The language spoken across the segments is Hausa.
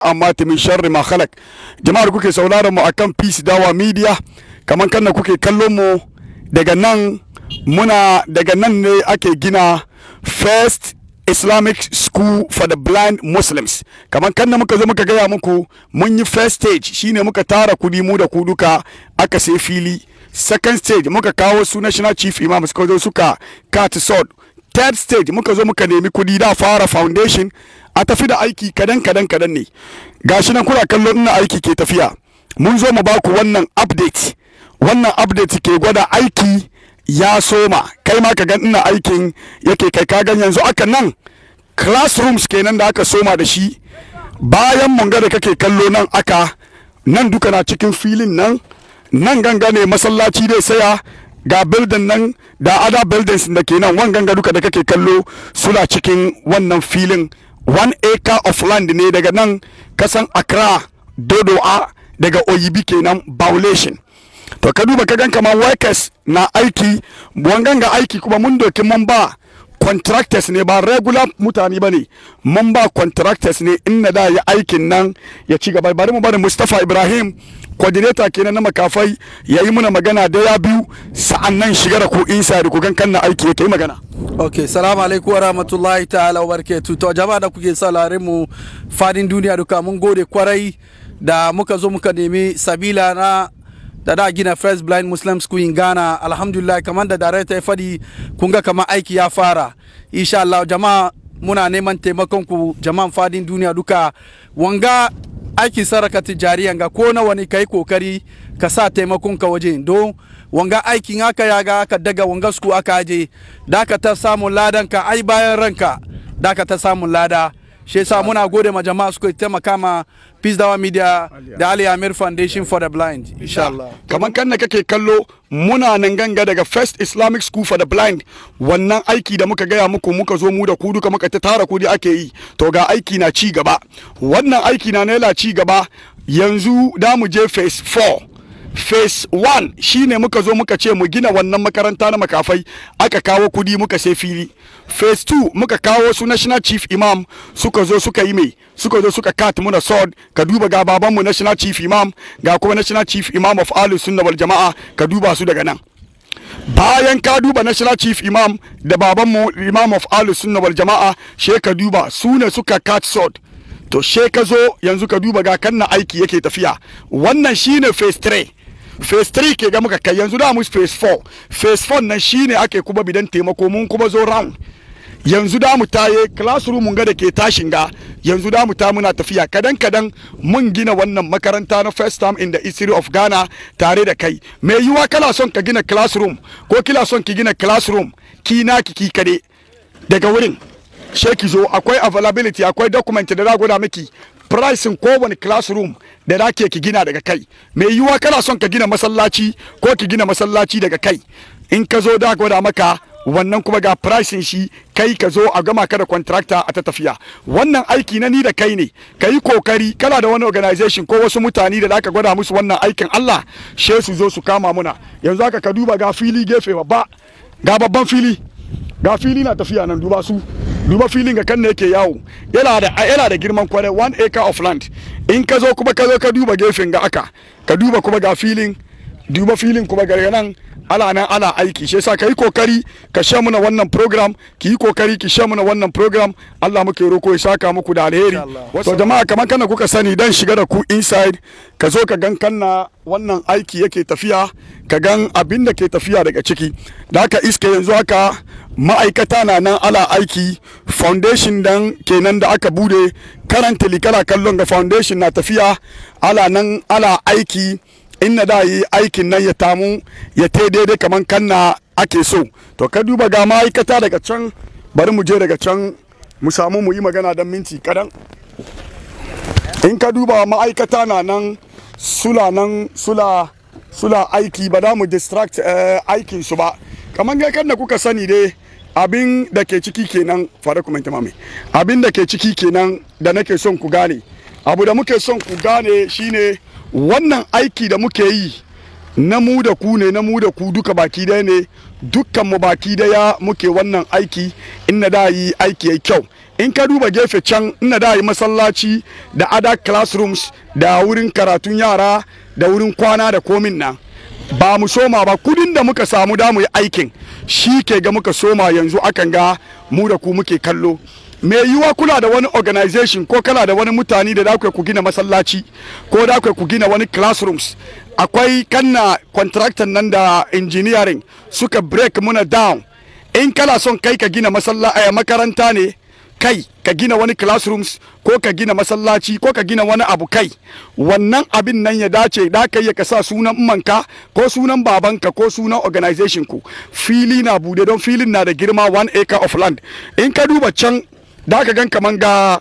amma ta min sharri ma khalak jama'ar kuke sauraron mu akan peace dawa media kaman kanna kuke kallon mu daga nan muna daga nan ne ake gina first islamic school for the blind muslims kaman kan muka zo muka gaya muku mun yi first stage shine muka tara kudi mu da kuduka aka sai fili second stage muka kawo su national chief imam suka zo suka cut sword third stage muka zo muka nemi kudi da fara foundation a tafi da aiki kadan kadan kadan ne gashi nan kuna kallon ina aiki ke tafiya mun zo mu baku wannan update wannan update ke gwada aiki ya soma kai ma ka gan ina aikin yake kai ka gan yanzu aka nan classrooms kenan da aka soma da shi bayan mun ga da kake kallo nan aka nan duka na cikin filin nan nan ganga ne masallaci dai saya ga building nan da other buildings da ke nan wan ganga duka da kake kallo suna cikin wannan filin one acre of land ne daga nan kasan accra a daga oyibi kenan violation to ka duba ka gan kamar workers na aiki buwan ganga aiki kuma mun doki mun ba contractors ne ba regular mutane ba ne mun ba contractors ne in da ya aikin nan ya ci gaba bari mu bari Mustapha Ibrahim kwadireta kenan na makafai ya yi muna magana da ya biyu sa'annan shiga da ku insa da ku gankan na aiki yake magana ok salamu alaikum wa rahmatullahi ta'ala wa to jama'a da kuke salari mu fadin duniya duka mun gode kwarai da muka zo muka nemi sabila na da da gina first blind muslim school in ghana alhamdulillah kamar da director ya fadi kun ga kamar aiki ya fara insha Allah jama'a muna neman taimakon ku jama'an fadin duniya duka wanga aiki saraka tijariya ga ko nawa ne kai kokari ka sa taimakon ka waje don wanga aikin aka yaga aka daga wanga su aka aje da ka ta samun ladan ka ai bayan ranka da ka ta samun lada shi yasa muna gode ma jama'a suka taimaka ma Peace Dawa Media da Ali Amir Foundation for the Blind inshallah kaman kan kake kallo muna nan ganga daga First Islamic School for the Blind wannan aiki da muka gaya muku muka zo mu da ku duka muka ta tara kudi ake yi to ga aiki na ci gaba wannan aiki na naila ci gaba yanzu da mu je phase 4 phase 1 shine muka zo muka ce mu gina wannan makaranta na makafai aka kawo kudi muka sai fili phase 2 muka kawo su national chief imam suka zo suka yi mai suka zo suka kat muna sword ka duba ga babanmu national chief imam ga kuma national chief imam of Ali sunna wal jama'a ka duba su daga nan bayan ka duba national chief imam da babanmu imam of Ali sunna wal jama'a she ka duba su ne suka kat sword to she ka zo yanzu ka duba ga na aiki yake tafiya wannan shine phase 3 phase 3 ke ga muka kai yanzu da mu phase 4 phase 4 nan shine ake kuma bidan taimako mun kuma zo round yanzu da mu taye classroom mun ga da ke tashin ga yanzu da mu ta muna tafiya kadan kadan mun gina wannan makaranta na first time in the history of Ghana tare da kai me yiwa kala son ka gina classroom ko kila son ki gina classroom ki na ki ki kade daga wurin sheki zo akwai availability akwai document da gwada miki pricing kowane classroom da dake ki gina daga kai mai yiwuwa kana son ka gina masallaci ko ki gina masallaci daga kai in ka zo da gwada maka wannan kuma ga pricing shi kai ka zo a gama ka da contractor a ta tafiya wannan aiki na ni da kai ne ka yi kokari kana da wani organization ko wasu mutane da zaka gwada musu wannan aikin Allah she su zo su kama muna yanzu haka ka duba ga fili gefe babba ga babban fili ga fili na tafiya nan duba su duba filin ga kan ne yake yawo yana da yana da girman kware, one acre of land in ka zo kuma ka zo ka duba gefen ga aka ka duba kuma ga filin duba filin kuma ga nan ala nan ala aiki shi yasa kai kokari ka sha muna wannan program ki yi kokari ki sha muna wannan program Allah muke roko ya saka muku da alheri to jama'a kamar kana kuka sani dan shiga da ku inside ka zo ka gan kanna wannan aiki yake tafiya ka gan abinda da ke tafiya daga ciki da haka iska yanzu haka ma'aikata na nan ala aiki foundation dan kenan da aka bude karanta likala kallon ga foundation na tafiya ala nan ala aiki inna da yi aikin nan ya tamu ya te daidai kaman kanna ake so to ka duba ga ma'aikata daga can bari mu je daga can mu samu mu yi magana dan minti kadan in ka duba ma'aikata na nan sula nan sula sula aiki ba da mu distract eh, aikin su ba kamar ga kan da kuka sani dai abin da ke ciki kenan fara kuma mami abin da ke ciki kenan da nake son ku gane abu da muke son ku gane shine wannan aiki da muke yi na mu da ku ne na mu da ku duka baki daya ne dukkan mu baki daya muke wannan aiki in na da yi aiki yayi kyau in ka duba gefe can na da yi masallaci da ada classrooms da wurin karatun yara da wurin kwana da komin nan ba mu soma ba kudin da muka samu da mu yi aikin shi ke ga muka soma yanzu akan ga mu da ku muke kallo mai yiwuwa kula da wani organization ko kala da wani mutane da dakwai ku gina masallaci ko dakwai ku gina wani classrooms akwai kanna contractor nan da engineering suka break muna down in kana son kai ka gina a eh, makaranta ne kai ka gina wani classrooms ko ka gina masallaci ko ka gina wani abu kai wannan abin nan ya dace da kai ya kasa sunan manka ko sunan babanka ko sunan organization ku fili na bude don filin na da girma one acre of land in ka duba can da ka gan kaman ga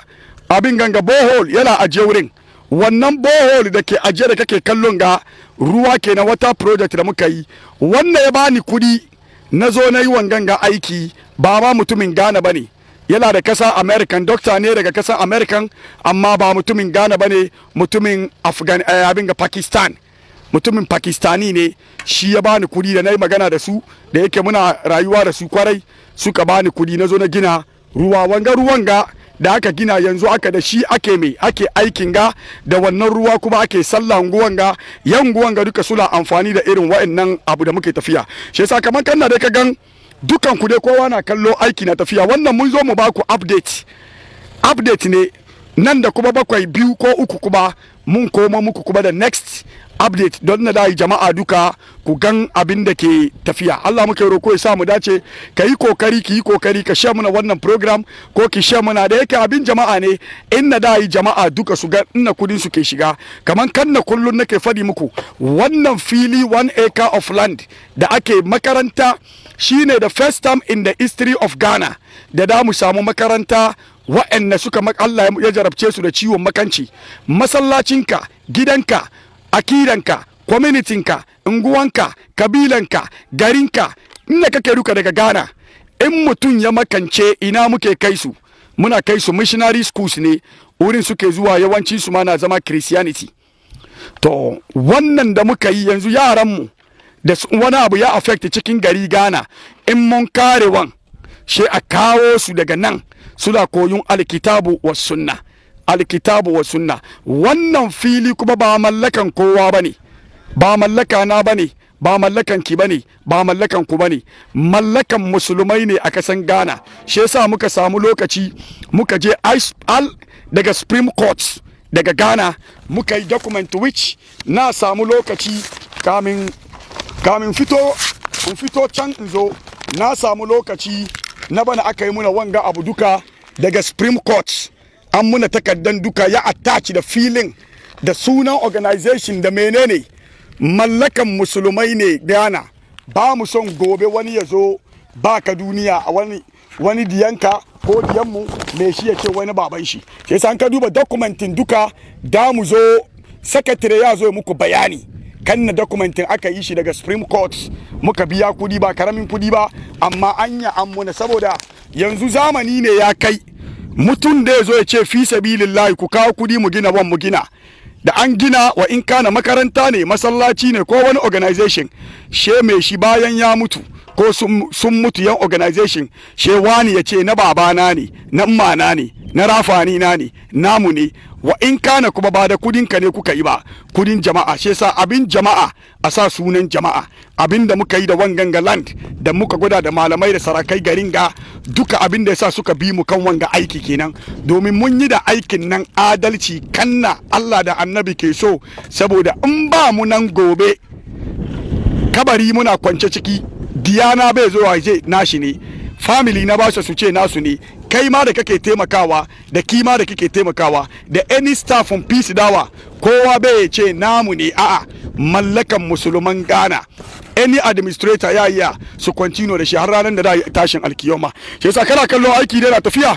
abin ganga borehole yana ajiye wurin wannan borehole da ke ajiye da kake kallon ga ruwa ke na wata project da muka yi wannan ya bani kudi na zo na yi wangan ga aiki ba ma mutumin gane ba ne yana da kasa american dokta ne daga kasa american amma ba mutumin ghana ba ne mutumin afghan eh, abin ga pakistan mutumin pakistani ne shi ya bani kudi da na yi magana da su da yake muna rayuwa da su kwarai suka bani kudi na zo na gina ruwa wanga ruwan ga da aka gina yanzu aka da shi ake mai ake aikin ga da wannan ruwa kuma ake sallah unguwan ga yan unguwan ga duka suna amfani da irin wa'annan abu da muke tafiya shi yasa kamar kanna da ka gan dukan ku dai kowa na kallo aiki na tafiya wannan mun zo mu ba ku update update ne nan da kuma bakwai biyu ko uku kuma mun koma muku kuma da next update don na dai jama'a duka ku gan abin da ke tafiya Allah muka roko ya sa mu dace ka yi kokari ki yi kokari ka share na wannan program ko ki share na da yake abin jama'a ne in na da yi jama'a duka su ga inna kudin su ke shiga kaman kan na kullun nake fadi muku wannan fili one acre of land da ake makaranta shine the first time in the history of Ghana da da mu samu makaranta wa'anda suka Allah ya jarabce su da ciwon makanci masallacinka gidanka akidanka Kwaminitinka, unguwanka kabilanka garinka inda kake duka daga ghana in mutum ya makance ina muke kai su muna kai su missionary schools ne wurin suke zuwa yawanci su ma na zama christianity to wannan da muka yi yanzu yaran mu da wani abu ya affect cikin gari ghana in mun kare karewan she a kawo su daga nan suna koyon alkitabu wa sunna alkitabu wa sunna wannan fili kuma ba mallakan kowa ba ne ba mallaka na bane ba mallakan ki bane ba mallakan ku bane mallakan musulmai ne a kasan Ghana shi yasa muka samu lokaci muka je al daga Supreme Court daga Ghana muka yi document which na samu lokaci kamin kamin fito in fito can in zo na samu lokaci na bana aka yi muna wanga abu duka daga Supreme Court an muna takardan duka ya attach da feeling da sunan organization da menene mallakan musulmai ne gana ba mu son gobe wani ya zo ba ka duniya a wani wani diyanka ko diyanmu mai shi ya ce wani baban shi shi yasa ka duba dokumentin duka da mu zo sakatare ya zo muku bayani kan na dokumentin aka yi shi daga supreme court muka biya kudi ba karamin kudi ba amma an yi amuna saboda yanzu zamani ne ya kai mutum da ya zo ya ce fi sabilillahi ku kawo kudi mu gina wan mu gina da an gina wa in kana makaranta ne masallaci ne ko wani organization she mai shi bayan ya mutu ko sun mutu yan organization shewani ya ce na babana ne na mana ne na rafani na ne namu ne wa in kana kuma ba da kudin ka ne kuka yi ba kudin jama'a shi yasa abin jama'a a sa sunan jama'a abin da muka yi da wanganga land da muka gwada da malamai da sarakai garin ga duka abin da yasa suka bi mu kan wanga aiki kenan domin mun yi da aikin nan adalci kanna Allah da annabi ke so saboda in ba mu nan gobe kabari muna kwance ciki diyana bai zo a je nashi ne family na bashi su ce nasu ne kai ma da kake taimakawa da kima da kake taimakawa da any star from peace dawa kowa bai ce namu ne a'a mallakan musulman ghana any administrator ya yi su kwantino da shi har ranar da da tashin alkiyoma shi yasa kana kallon aiki dai na tafiya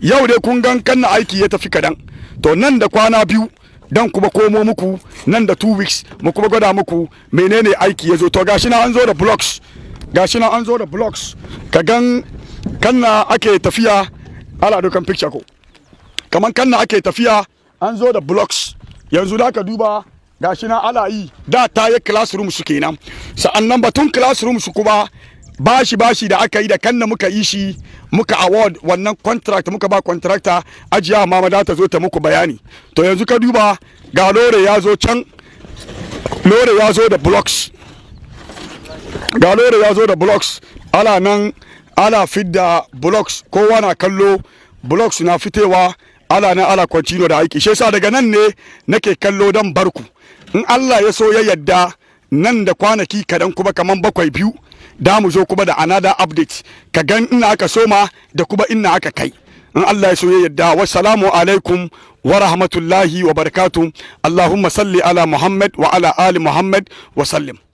yau dai kun gan kan aiki ya tafi kadan to nan da kwana biyu dan kuma komo muku nan da two weeks mu kuma gwada muku menene aiki ya zo to gashi na an zo da blocks gashi nan an zo da blocks ka gan kanna ake tafiya ala dukan picture ko kaman kanna ake tafiya an zo da blocks yanzu da ka duba gashi nan ala yi da ta yi classroom su kenan sa'annan batun classroom su kuma bashi bashi da aka yi da kanna muka yi shi muka award wannan contract muka ba contractor ajiya mama da ta zo ta muku bayani to yanzu ka duba ga lore ya zo can lore ya zo da blocks ga da ya zo da blocks ala nan ala fidda blocks kowa na kallo blocks na fitewa ala nan ala kwancino da aiki shi yasa daga nan ne nake kallo dan barku in Allah ya so ya yadda nan da kwanaki kadan kuma kaman bakwai biyu da mu zo kuma da another update ka gan ina aka soma da kuma ina aka kai in Allah ya so ya yadda wassalamu alaikum wa rahmatullahi wa barakatuh Allahumma salli ala Muhammad wa ala ali Muhammad wa sallim